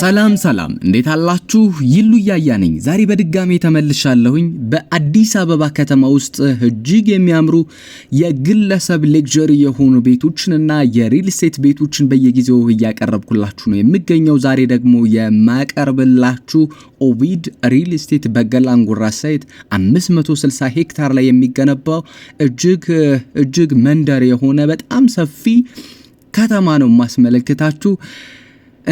ሰላም ሰላም፣ እንዴት አላችሁ? ይሉ ያያ ነኝ። ዛሬ በድጋሜ ተመልሻለሁኝ። በአዲስ አበባ ከተማ ውስጥ እጅግ የሚያምሩ የግለሰብ ሌክዠሪ የሆኑ ቤቶችንና የሪል ስቴት ቤቶችን በየጊዜው እያቀረብኩላችሁ ነው የሚገኘው። ዛሬ ደግሞ የማቀርብላችሁ ኦቪድ ሪል ስቴት በገላንጉራ ሳይት 560 ሄክታር ላይ የሚገነባው እጅግ እጅግ መንደር የሆነ በጣም ሰፊ ከተማ ነው የማስመለክታችሁ።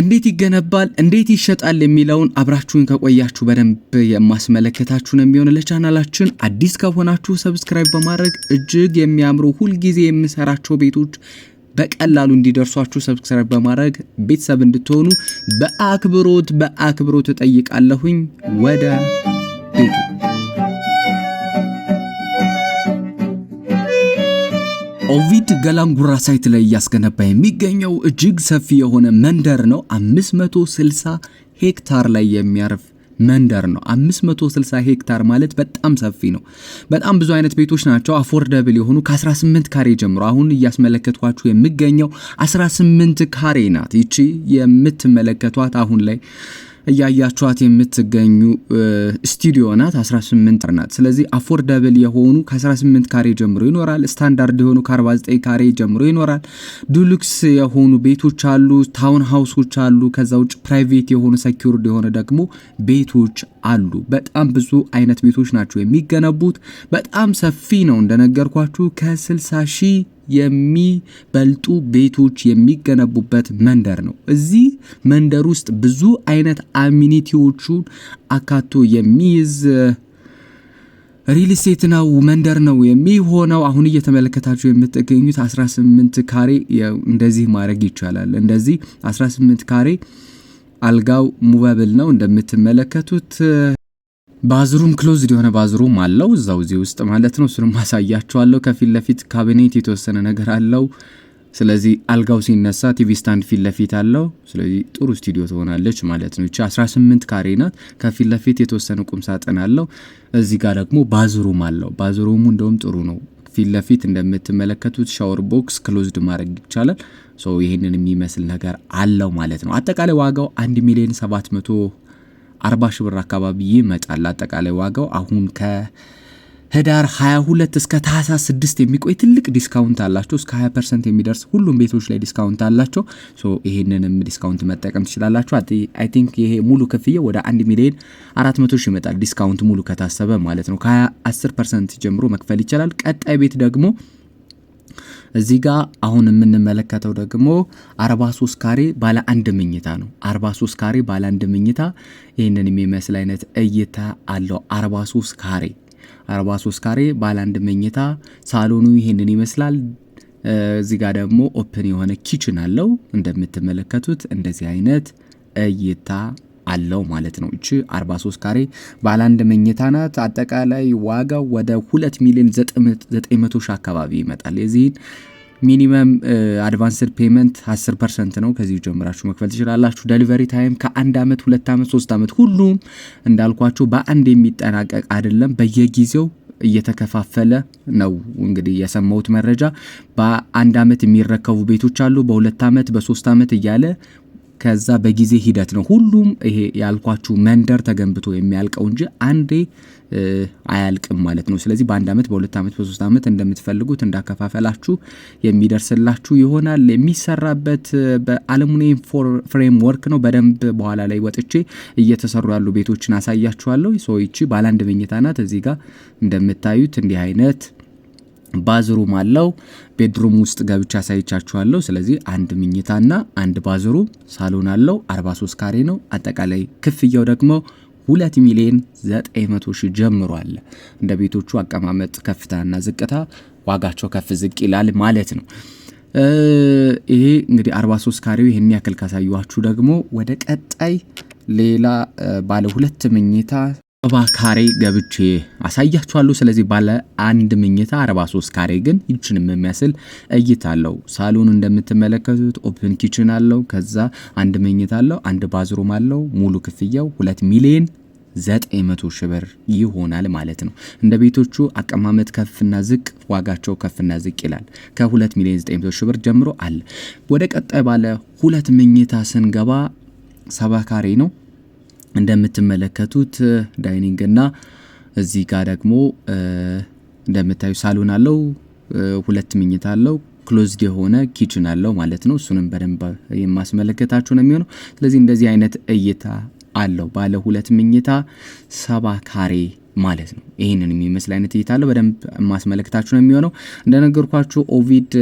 እንዴት ይገነባል፣ እንዴት ይሸጣል የሚለውን አብራችሁን ከቆያችሁ በደንብ የማስመለከታችሁ ነው የሚሆን። ለቻናላችን አዲስ ከሆናችሁ ሰብስክራይብ በማድረግ እጅግ የሚያምሩ ሁልጊዜ የምሰራቸው ቤቶች በቀላሉ እንዲደርሷችሁ ሰብስክራይብ በማድረግ ቤተሰብ እንድትሆኑ በአክብሮት በአክብሮት እጠይቃለሁኝ። ወደ ቤቱ ኦቪድ ገላንጉራ ሳይት ላይ እያስገነባ የሚገኘው እጅግ ሰፊ የሆነ መንደር ነው። 560 ሄክታር ላይ የሚያርፍ መንደር ነው። 560 ሄክታር ማለት በጣም ሰፊ ነው። በጣም ብዙ አይነት ቤቶች ናቸው አፎርደብል የሆኑ ከ18 ካሬ ጀምሮ። አሁን እያስመለከትኳችሁ የሚገኘው 18 ካሬ ናት ይቺ የምትመለከቷት አሁን ላይ እያያችኋት የምትገኙ ስቱዲዮ ናት። 18 ናት። ስለዚህ አፎርደብል የሆኑ ከ18 ካሬ ጀምሮ ይኖራል። ስታንዳርድ የሆኑ ከ49 ካሬ ጀምሮ ይኖራል። ዱሉክስ የሆኑ ቤቶች አሉ፣ ታውን ሃውሶች አሉ። ከዛ ውጭ ፕራይቬት የሆኑ ሰኪርድ የሆነ ደግሞ ቤቶች አሉ። በጣም ብዙ አይነት ቤቶች ናቸው የሚገነቡት። በጣም ሰፊ ነው እንደነገርኳችሁ ከ60 ሺህ የሚበልጡ ቤቶች የሚገነቡበት መንደር ነው። እዚህ መንደር ውስጥ ብዙ አይነት አሚኒቲዎቹን አካቶ የሚይዝ ሪል ስቴት ነው፣ መንደር ነው የሚሆነው። አሁን እየተመለከታችሁ የምትገኙት 18 ካሬ እንደዚህ ማድረግ ይቻላል። እንደዚህ 18 ካሬ አልጋው ሙበብል ነው እንደምትመለከቱት ባዝሩም ክሎዝድ የሆነ ባዝሩም አለው እዛው እዚህ ውስጥ ማለት ነው። እሱንም ማሳያቸዋለሁ። ከፊት ለፊት ካቢኔት የተወሰነ ነገር አለው። ስለዚህ አልጋው ሲነሳ ቲቪ ስታንድ ፊት ለፊት አለው። ስለዚህ ጥሩ ስቱዲዮ ትሆናለች ማለት ነው። ይቺ 18 ካሬ ናት። ከፊት ለፊት የተወሰነ ቁም ሳጥን አለው። እዚህ ጋር ደግሞ ባዝሩም አለው። ባዝሩሙ እንደውም ጥሩ ነው። ፊት ለፊት እንደምትመለከቱት ሻወር ቦክስ ክሎዝድ ማድረግ ይቻላል። ሶ ይህንን የሚመስል ነገር አለው ማለት ነው። አጠቃላይ ዋጋው 1 ሚሊዮን 700 40 ሺ ብር አካባቢ ይመጣል። አጠቃላይ ዋጋው አሁን ከህዳር 22 እስከ ታህሳስ 6 የሚቆይ ትልቅ ዲስካውንት አላቸው። እስከ 20 ፐርሰንት የሚደርስ ሁሉም ቤቶች ላይ ዲስካውንት አላቸው። ሶ ዲስካውንት መጠቀም ትችላላችሁ። አይ ቲንክ ይሄ ሙሉ ክፍያ ወደ 1 ሚሊዮን 400 ሺህ ይመጣል። ዲስካውንት ሙሉ ከታሰበ ማለት ነው። ከ10 ፐርሰንት ጀምሮ መክፈል ይቻላል። ቀጣይ ቤት ደግሞ እዚህ ጋር አሁን የምንመለከተው ደግሞ 43 ካሬ ባለ አንድ ምኝታ ነው። 43 ካሬ ባለ አንድ ምኝታ ይህንን የሚመስል አይነት እይታ አለው። 43 ካሬ 43 ካሬ ባለ አንድ ምኝታ ሳሎኑ ይህንን ይመስላል። እዚህ ጋር ደግሞ ኦፕን የሆነ ኪችን አለው። እንደምትመለከቱት እንደዚህ አይነት እይታ አለው ማለት ነው። እቺ 43 ካሬ ባለ አንድ መኝታ ናት። አጠቃላይ ዋጋው ወደ 2 ሚሊዮን 900 ሺህ አካባቢ ይመጣል። የዚህን ሚኒመም አድቫንስድ ፔመንት 10 ፐርሰንት ነው። ከዚህ ጀምራችሁ መክፈል ትችላላችሁ። ደሊቨሪ ታይም ከአንድ ዓመት ሁለት ዓመት ሶስት ዓመት ሁሉም እንዳልኳችሁ በአንድ የሚጠናቀቅ አይደለም። በየጊዜው እየተከፋፈለ ነው። እንግዲህ የሰማሁት መረጃ በአንድ ዓመት የሚረከቡ ቤቶች አሉ። በሁለት ዓመት በሶስት ዓመት እያለ ከዛ በጊዜ ሂደት ነው ሁሉም ይሄ ያልኳችሁ መንደር ተገንብቶ የሚያልቀው እንጂ አንዴ አያልቅም ማለት ነው። ስለዚህ በአንድ ዓመት፣ በሁለት ዓመት፣ በሶስት ዓመት እንደምትፈልጉት እንዳከፋፈላችሁ የሚደርስላችሁ ይሆናል። የሚሰራበት በአሉሚኒየም ፍሬምወርክ ነው። በደንብ በኋላ ላይ ወጥቼ እየተሰሩ ያሉ ቤቶችን አሳያችኋለሁ። ሰዎች ባለ አንድ መኝታ ናት። እዚህ ጋር እንደምታዩት እንዲህ አይነት ባዝሩም አለው። ቤድሩም ውስጥ ገብቻ አሳይቻችኋለሁ። ስለዚህ አንድ ምኝታና አንድ ባዝሩም ሳሎን አለው። 43 ካሬ ነው። አጠቃላይ ክፍያው ደግሞ 2 ሚሊዮን 900 ሺህ ጀምሯል። እንደ ቤቶቹ አቀማመጥ ከፍታና ዝቅታ ዋጋቸው ከፍ ዝቅ ይላል ማለት ነው። ይሄ እንግዲህ 43 ካሬው ይህን ያክል ካሳዩችሁ ደግሞ ወደ ቀጣይ ሌላ ባለ ሁለት ምኝታ አርባ ካሬ ገብቼ አሳያችኋለሁ። ስለዚህ ባለ አንድ ምኝታ 43 ካሬ ግን ይችን የሚያስል እይታ አለው። ሳሎን እንደምትመለከቱት ኦፕን ኪችን አለው። ከዛ አንድ ምኝታ አለው፣ አንድ ባዝሩም አለው። ሙሉ ክፍያው 2 ሚሊዮን 900 ሺህ ብር ይሆናል ማለት ነው። እንደ ቤቶቹ አቀማመጥ ከፍና ዝቅ ዋጋቸው ከፍና ዝቅ ይላል። ከ2 ሚሊዮን 900 ሺህ ብር ጀምሮ አለ። ወደ ቀጣይ ባለ ሁለት ምኝታ ስንገባ ሰባ ካሬ ነው። እንደምትመለከቱት ዳይኒንግ እና እዚህ ጋር ደግሞ እንደምታዩ ሳሎን አለው። ሁለት ምኝታ አለው። ክሎዝድ የሆነ ኪችን አለው ማለት ነው። እሱንም በደንብ የማስመለከታችሁ ነው የሚሆነው። ስለዚህ እንደዚህ አይነት እይታ አለው። ባለ ሁለት ምኝታ ሰባ ካሬ ማለት ነው። ይህንን የሚመስል አይነት እይታ አለው። በደንብ የማስመለከታችሁ ነው የሚሆነው እንደነገርኳችሁ ኦቪድ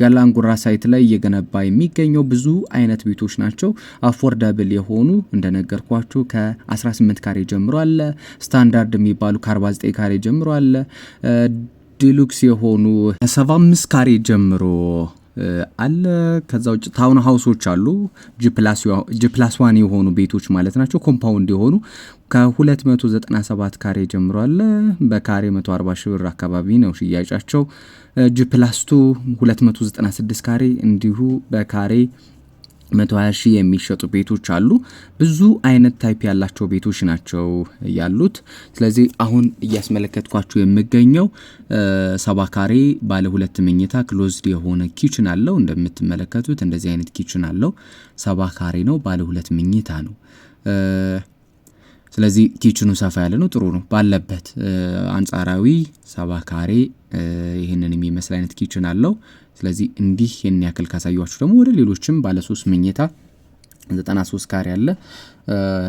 ጋላንጉራ ሳይት ላይ እየገነባ የሚገኘው ብዙ አይነት ቤቶች ናቸው። አፎርዳብል የሆኑ እንደነገርኳችሁ ከ18 ካሬ ጀምሮ አለ። ስታንዳርድ የሚባሉ ከ49 ካሬ ጀምሮ አለ። ዲሉክስ የሆኑ ከ75 ካሬ ጀምሮ አለ። ከዛ ውጭ ታውን ሀውሶች አሉ፣ ጂፕላስ ዋን የሆኑ ቤቶች ማለት ናቸው። ኮምፓውንድ የሆኑ ከ297 ካሬ ጀምሮ አለ። በካሬ 140 ሺ ብር አካባቢ ነው ሽያጫቸው። ጂፕላስቱ 296 ካሬ እንዲሁ በካሬ 120 ሺህ የሚሸጡ ቤቶች አሉ። ብዙ አይነት ታይፕ ያላቸው ቤቶች ናቸው ያሉት። ስለዚህ አሁን እያስመለከትኳችሁ የሚገኘው ሰባ ካሬ ባለ ሁለት መኝታ ክሎዝድ የሆነ ኪችን አለው። እንደምትመለከቱት እንደዚህ አይነት ኪችን አለው። ሰባ ካሬ ነው፣ ባለ ሁለት መኝታ ነው። ስለዚህ ኪችኑ ሰፋ ያለ ነው። ጥሩ ነው። ባለበት አንጻራዊ ሰባ ካሬ ይህንን የሚመስል አይነት ኪችን አለው። ስለዚህ እንዲህ ይህን ያክል ካሳያችሁ ደግሞ ወደ ሌሎችም ባለ 3 መኝታ 93 ካሬ አለ።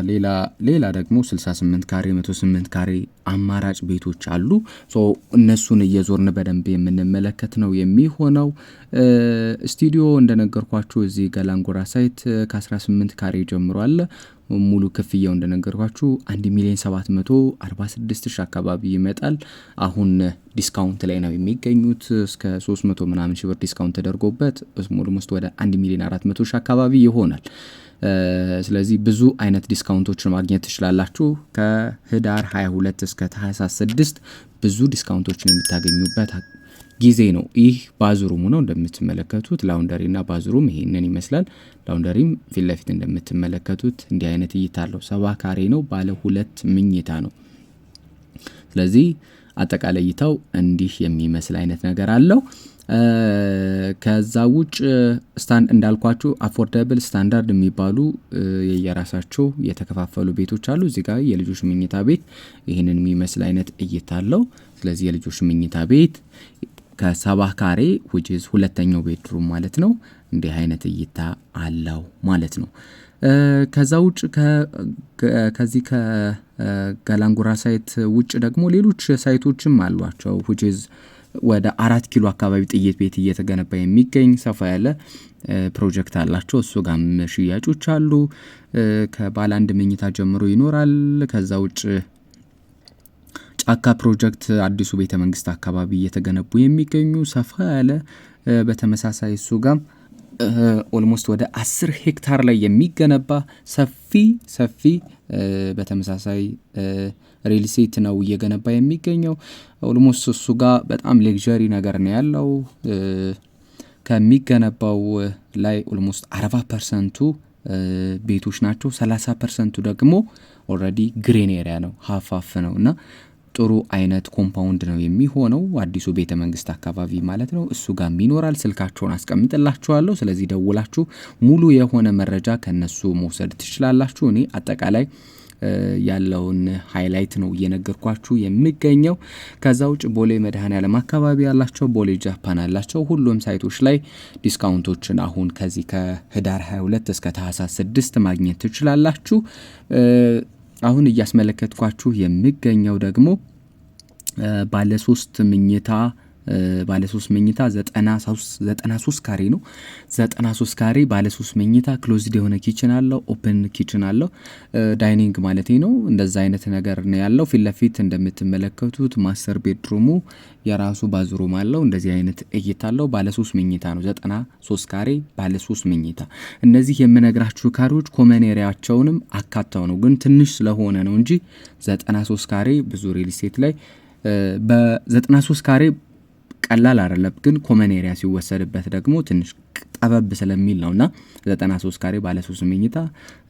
ሌላ ሌላ ደግሞ 68 ካሬ 108 ካሬ አማራጭ ቤቶች አሉ። እነሱን እየዞርን በደንብ የምንመለከት ነው የሚሆነው። ስቱዲዮ እንደነገርኳችሁ እዚህ ገላንጎራ ሳይት ከ18 ካሬ ጀምሮ አለ። ሙሉ ክፍያው እንደነገርኳችሁ 1 ሚሊዮን 746 ሺህ አካባቢ ይመጣል። አሁን ዲስካውንት ላይ ነው የሚገኙት እስከ 300 ምናምን ሺህ ብር ዲስካውንት ተደርጎበት ኦልሞስት ወደ 1 ሚሊዮን 400 ሺህ አካባቢ ይሆናል። ስለዚህ ብዙ አይነት ዲስካውንቶችን ማግኘት ትችላላችሁ። ከህዳር 22 እስከ ታህሳስ 6 ብዙ ዲስካውንቶችን የምታገኙበት ጊዜ ነው። ይህ ባዝሩሙ ነው እንደምትመለከቱት ላውንደሪና ባዙሩም ይሄንን ይመስላል። ላውንደሪም ፊት ለፊት እንደምትመለከቱት እንዲህ አይነት እይታ አለው። ሰባ ካሬ ነው። ባለ ሁለት ምኝታ ነው። ስለዚህ አጠቃላይ እይታው እንዲህ የሚመስል አይነት ነገር አለው። ከዛ ውጭ ስታንድ እንዳልኳችሁ አፎርደብል ስታንዳርድ የሚባሉ የየራሳቸው የተከፋፈሉ ቤቶች አሉ። እዚህ ጋር የልጆች ምኝታ ቤት ይህንን የሚመስል አይነት እይታ አለው። ስለዚህ የልጆች ምኝታ ቤት ከሰባ ካሬ ውጅዝ ሁለተኛው ቤድሩም ማለት ነው። እንዲህ አይነት እይታ አለው ማለት ነው። ከዛ ውጭ ከዚህ ከገላንጉራ ሳይት ውጭ ደግሞ ሌሎች ሳይቶችም አሏቸው ውጅዝ ወደ አራት ኪሎ አካባቢ ጥይት ቤት እየተገነባ የሚገኝ ሰፋ ያለ ፕሮጀክት አላቸው። እሱ ጋም ሽያጮች አሉ። ከባለ አንድ መኝታ ጀምሮ ይኖራል። ከዛ ውጭ ጫካ ፕሮጀክት አዲሱ ቤተ መንግስት አካባቢ እየተገነቡ የሚገኙ ሰፋ ያለ በተመሳሳይ እሱ ጋር ኦልሞስት ወደ አስር ሄክታር ላይ የሚገነባ ሰፊ ሰፊ በተመሳሳይ ሪል ነው እየገነባ የሚገኘው። ኦልሞስት እሱ ጋር በጣም ሌግዠሪ ነገር ነው ያለው። ከሚገነባው ላይ ኦልሞስት አርባ ፐርሰንቱ ቤቶች ናቸው። ሰላሳ ፐርሰንቱ ደግሞ ኦልሬዲ ግሬን ኤሪያ ነው ሀፋፍ ነው እና ጥሩ አይነት ኮምፓውንድ ነው የሚሆነው አዲሱ ቤተ መንግስት አካባቢ ማለት ነው። እሱ ጋም ይኖራል። ስልካቸውን አስቀምጥላችኋለሁ። ስለዚህ ደውላችሁ ሙሉ የሆነ መረጃ ከነሱ መውሰድ ትችላላችሁ። እኔ አጠቃላይ ያለውን ሃይላይት ነው እየነገርኳችሁ የሚገኘው። ከዛ ውጭ ቦሌ መድኃኔዓለም አካባቢ ያላቸው፣ ቦሌ ጃፓን ያላቸው ሁሉም ሳይቶች ላይ ዲስካውንቶችን አሁን ከዚህ ከህዳር 22 እስከ ታህሳስ 6 ማግኘት ትችላላችሁ። አሁን እያስመለከትኳችሁ የሚገኘው ደግሞ ባለሶስት ምኝታ ባለሶስት መኝታ ዘጠና ሶስት ካሬ ነው። ዘጠና ሶስት ካሬ ባለሶስት መኝታ ክሎዝድ የሆነ ኪችን አለው፣ ኦፕን ኪችን አለው፣ ዳይኒንግ ማለት ነው። እንደዛ አይነት ነገር ነው ያለው። ፊት ለፊት እንደምትመለከቱት ማስተር ቤድሩሙ የራሱ ባዝሩም አለው። እንደዚህ አይነት እይታ አለው። ባለሶስት መኝታ ነው። ዘጠና ሶስት ካሬ ባለሶስት መኝታ። እነዚህ የምነግራችሁ ካሬዎች ኮመኔሪያቸውንም አካተው ነው፣ ግን ትንሽ ስለሆነ ነው እንጂ ዘጠና ሶስት ካሬ ብዙ ሪል ስቴት ላይ በ93 ካሬ ቀላል አይደለም፣ ግን ኮመን ኤሪያ ሲወሰድበት ደግሞ ትንሽ ጠበብ ስለሚል ነው እና 93 ካሬ ባለ ሶስት መኝታ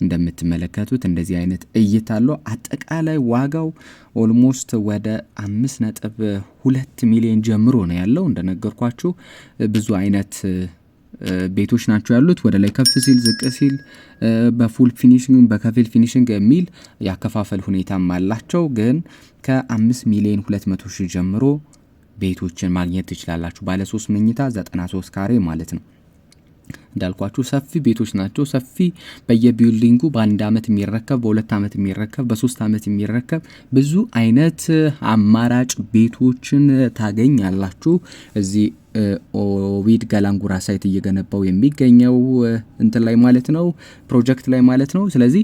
እንደምትመለከቱት እንደዚህ አይነት እይታ አለው። አጠቃላይ ዋጋው ኦልሞስት ወደ አምስት ነጥብ ሁለት ሚሊዮን ጀምሮ ነው ያለው። እንደነገርኳችሁ ብዙ አይነት ቤቶች ናቸው ያሉት። ወደ ላይ ከፍ ሲል ዝቅ ሲል በፉል ፊኒሽንግ በከፊል ፊኒሽንግ የሚል ያከፋፈል ሁኔታም አላቸው። ግን ከ5 ሚሊዮን 200 ሺ ጀምሮ ቤቶችን ማግኘት ትችላላችሁ። ባለ 3 መኝታ 93 ካሬ ማለት ነው። እንዳልኳችሁ ሰፊ ቤቶች ናቸው። ሰፊ በየቢልዲንጉ በአንድ አመት የሚረከብ በሁለት አመት የሚረከብ በሶስት አመት የሚረከብ ብዙ አይነት አማራጭ ቤቶችን ታገኛላችሁ እዚህ ኦቪድ ጋላንጉራ ሳይት እየገነባው የሚገኘው እንትን ላይ ማለት ነው ፕሮጀክት ላይ ማለት ነው። ስለዚህ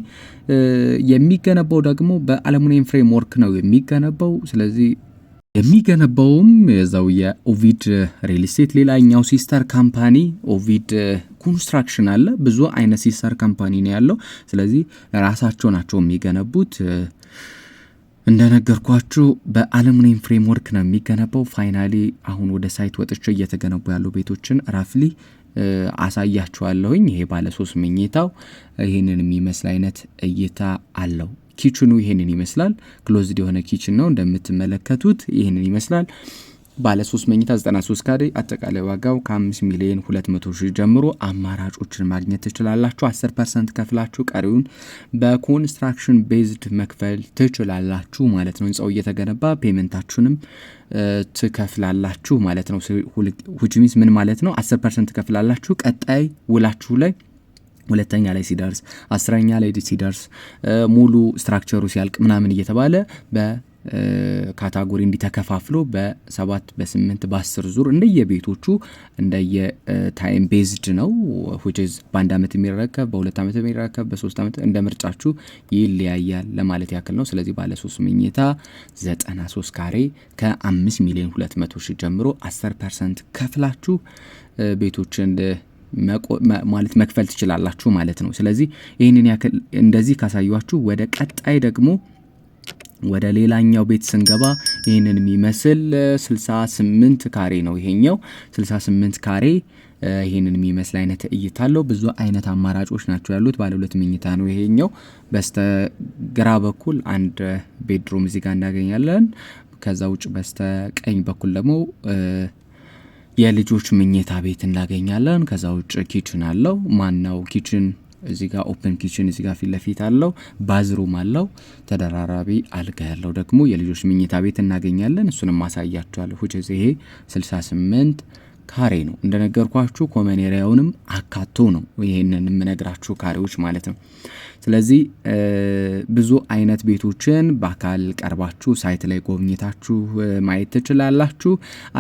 የሚገነባው ደግሞ በአለሙኒየም ፍሬምወርክ ነው የሚገነባው። ስለዚህ የሚገነባውም የዛው የኦቪድ ሪል ስቴት ሌላኛው ሲስተር ካምፓኒ ኦቪድ ኮንስትራክሽን አለ። ብዙ አይነት ሲስተር ካምፓኒ ነው ያለው። ስለዚህ ራሳቸው ናቸው የሚገነቡት። እንደነገርኳችሁ በአለሙኒየም ፍሬምወርክ ነው የሚገነባው። ፋይናሊ አሁን ወደ ሳይት ወጥቼ እየተገነቡ ያሉ ቤቶችን ራፍሊ አሳያችኋለሁኝ። ይሄ ባለ ሶስት መኝታው ይህንን የሚመስል አይነት እይታ አለው። ኪችኑ ይህንን ይመስላል። ክሎዝድ የሆነ ኪችን ነው እንደምትመለከቱት፣ ይህንን ይመስላል። ባለ 3 መኝታ 93 ካሬ አጠቃላይ ዋጋው ከ5 ሚሊዮን 200 ሺህ ጀምሮ አማራጮችን ማግኘት ትችላላችሁ። 10 ፐርሰንት ከፍላችሁ ቀሪውን በኮንስትራክሽን ቤዝድ መክፈል ትችላላችሁ ማለት ነው። ህንፃው እየተገነባ ፔመንታችሁንም ትከፍላላችሁ ማለት ነው። ሁጅሚስ ምን ማለት ነው? 10 ፐርሰንት ትከፍላላችሁ። ቀጣይ ውላችሁ ላይ ሁለተኛ ላይ ሲደርስ አስረኛ ላይ ሲደርስ ሙሉ ስትራክቸሩ ሲያልቅ ምናምን እየተባለ በ ካታጎሪ እንዲተከፋፍሎ በሰባት በስምንት በአስር ዙር እንደየቤቶቹ እንደየታይም ቤዝድ ነው። ሁችዝ በአንድ ዓመት የሚረከብ በሁለት ዓመት የሚረከብ በሶስት ዓመት እንደ ምርጫችሁ ይለያያል ለማለት ያክል ነው። ስለዚህ ባለ ሶስት መኝታ ዘጠና ሶስት ካሬ ከአምስት ሚሊዮን ሁለት መቶ ሺህ ጀምሮ አስር ፐርሰንት ከፍላችሁ ቤቶችን ማለት መክፈል ትችላላችሁ ማለት ነው። ስለዚህ ይህንን ያክል እንደዚህ ካሳያችሁ ወደ ቀጣይ ደግሞ ወደ ሌላኛው ቤት ስንገባ ይህንን የሚመስል 68 ካሬ ነው ይሄኛው 68 ካሬ ይህንን የሚመስል አይነት እይታ አለው። ብዙ አይነት አማራጮች ናቸው ያሉት። ባለ ሁለት መኝታ ነው ይሄኛው። በስተግራ በኩል አንድ ቤድሩም እዚህ ጋር እናገኛለን። ከዛ ውጭ በስተ ቀኝ በኩል ደግሞ የልጆች መኝታ ቤት እናገኛለን። ከዛ ውጭ ኪችን አለው። ማናው ኪችን እዚ ጋር ኦፕን ኪችን እዚ ጋር ፊት ለፊት አለው። ባዝሩም አለው። ተደራራቢ አልጋ ያለው ደግሞ የልጆች ምኝታ ቤት እናገኛለን። እሱንም ማሳያችኋለሁ። ሁጭ ይሄ 68 ካሬ ነው እንደነገርኳችሁ ኮመኔሪያውንም አካቶ ነው ይህንን የምነግራችሁ ካሬዎች ማለት ነው። ስለዚህ ብዙ አይነት ቤቶችን በአካል ቀርባችሁ ሳይት ላይ ጎብኝታችሁ ማየት ትችላላችሁ።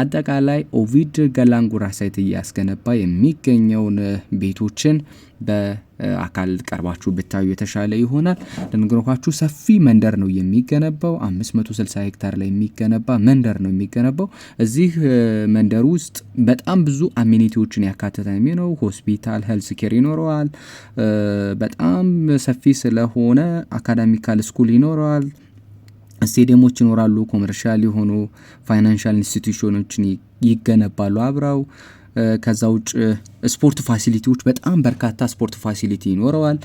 አጠቃላይ ኦቪድ ገላንጉራ ሳይት እያስገነባ የሚገኘውን ቤቶችን በአካል ቀርባችሁ ብታዩ የተሻለ ይሆናል። ልንገራችሁ፣ ሰፊ መንደር ነው የሚገነባው። 560 ሄክታር ላይ የሚገነባ መንደር ነው የሚገነባው። እዚህ መንደር ውስጥ በጣም ብዙ አሜኒቲዎችን ያካተተ ነው። ሆስፒታል፣ ሄልስ ኬር ይኖረዋል። በጣም ሰ ሰፊ ስለሆነ አካዳሚካል ስኩል ይኖረዋል፣ ስቴዲየሞች ይኖራሉ፣ ኮመርሻል የሆኑ ፋይናንሻል ኢንስቲቱሽኖችን ይገነባሉ አብረው። ከዛ ውጭ ስፖርት ፋሲሊቲዎች በጣም በርካታ ስፖርት ፋሲሊቲ ይኖረዋል።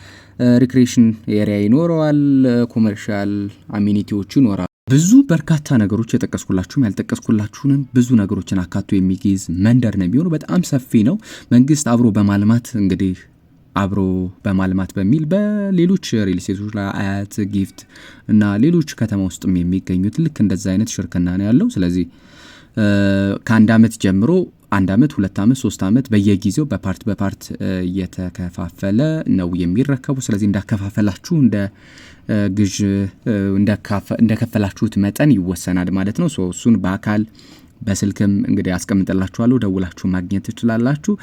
ሪክሬሽን ኤሪያ ይኖረዋል። ኮመርሻል አሚኒቲዎች ይኖራሉ። ብዙ በርካታ ነገሮች የጠቀስኩላችሁም ያልጠቀስኩላችሁንም ብዙ ነገሮችን አካቶ የሚይዝ መንደር ነው የሚሆኑ። በጣም ሰፊ ነው። መንግስት አብሮ በማልማት እንግዲህ አብሮ በማልማት በሚል በሌሎች ሪል ላይ አያት፣ ጊፍት እና ሌሎች ከተማ ውስጥም የሚገኙት ልክ እንደዛ አይነት ሽርክና ነው ያለው። ስለዚህ ከአንድ አመት ጀምሮ አንድ አመት፣ ሁለት አመት፣ ሶስት አመት በየጊዜው በፓርት በፓርት እየተከፋፈለ ነው የሚረከቡ። ስለዚህ እንዳከፋፈላችሁ እንደ ግዥ እንደከፈላችሁት መጠን ይወሰናል ማለት ነው። እሱን በአካል በስልክም እንግዲህ አስቀምጠላችኋለሁ፣ ደውላችሁ ማግኘት ትችላላችሁ።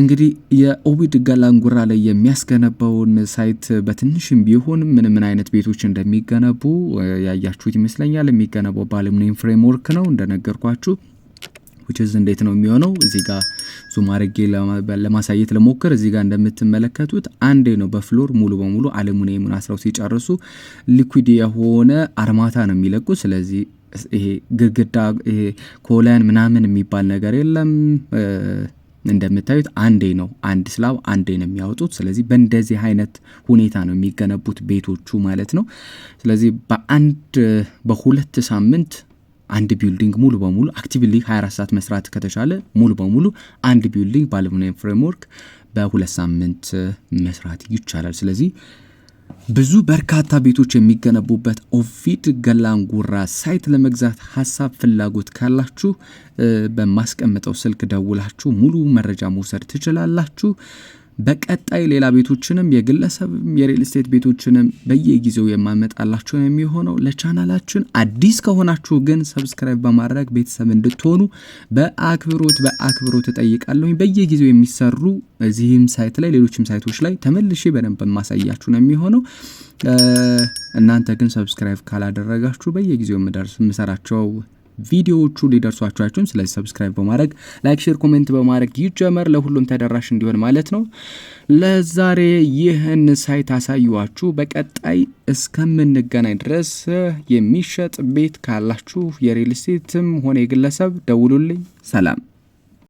እንግዲህ የኦቢድ ገላንጉራ ላይ የሚያስገነባውን ሳይት በትንሽም ቢሆን ምን ምን አይነት ቤቶች እንደሚገነቡ ያያችሁት ይመስለኛል። የሚገነባው በአሉሚኒየም ፍሬምወርክ ነው እንደነገርኳችሁ ዊችዝ እንዴት ነው የሚሆነው? እዚህ ጋር ዙም አድርጌ ለማሳየት ልሞክር እዚህ ጋር እንደምትመለከቱት አንዴ ነው በፍሎር ሙሉ በሙሉ አሉሚኒየሙን አስራው ሲጨርሱ ሊኩድ የሆነ አርማታ ነው የሚለቁ። ስለዚህ ይሄ ግድግዳ ይሄ ኮለን ምናምን የሚባል ነገር የለም። እንደምታዩት አንዴ ነው አንድ ስላብ አንዴ ነው የሚያወጡት። ስለዚህ በእንደዚህ አይነት ሁኔታ ነው የሚገነቡት ቤቶቹ ማለት ነው። ስለዚህ በአንድ በሁለት ሳምንት አንድ ቢልዲንግ ሙሉ በሙሉ አክቲቭሊ 24 ሰዓት መስራት ከተቻለ ሙሉ በሙሉ አንድ ቢልዲንግ ባለሙኒየም ፍሬምወርክ በሁለት ሳምንት መስራት ይቻላል። ስለዚህ ብዙ በርካታ ቤቶች የሚገነቡበት ኦቪድ ገላንጉራ ሳይት ለመግዛት ሀሳብ ፍላጎት ካላችሁ በማስቀምጠው ስልክ ደውላችሁ ሙሉ መረጃ መውሰድ ትችላላችሁ። በቀጣይ ሌላ ቤቶችንም የግለሰብም የሪል ስቴት ቤቶችንም በየጊዜው የማመጣላችሁ ነው የሚሆነው። ለቻናላችን አዲስ ከሆናችሁ ግን ሰብስክራይብ በማድረግ ቤተሰብ እንድትሆኑ በአክብሮት በአክብሮት እጠይቃለሁ። በየጊዜው የሚሰሩ እዚህም ሳይት ላይ ሌሎችም ሳይቶች ላይ ተመልሼ በደንብ የማሳያችሁ ነው የሚሆነው። እናንተ ግን ሰብስክራይብ ካላደረጋችሁ በየጊዜው የምሰራቸው ቪዲዮዎቹ ሊደርሷችሁ ስለዚህ ሰብስክራይብ በማድረግ ላይክ፣ ሼር፣ ኮሜንት በማድረግ ይጀመር ለሁሉም ተደራሽ እንዲሆን ማለት ነው። ለዛሬ ይህን ሳይት አሳዩዋችሁ። በቀጣይ እስከምንገናኝ ድረስ የሚሸጥ ቤት ካላችሁ የሪል ስቴትም ሆነ የግለሰብ ደውሉልኝ። ሰላም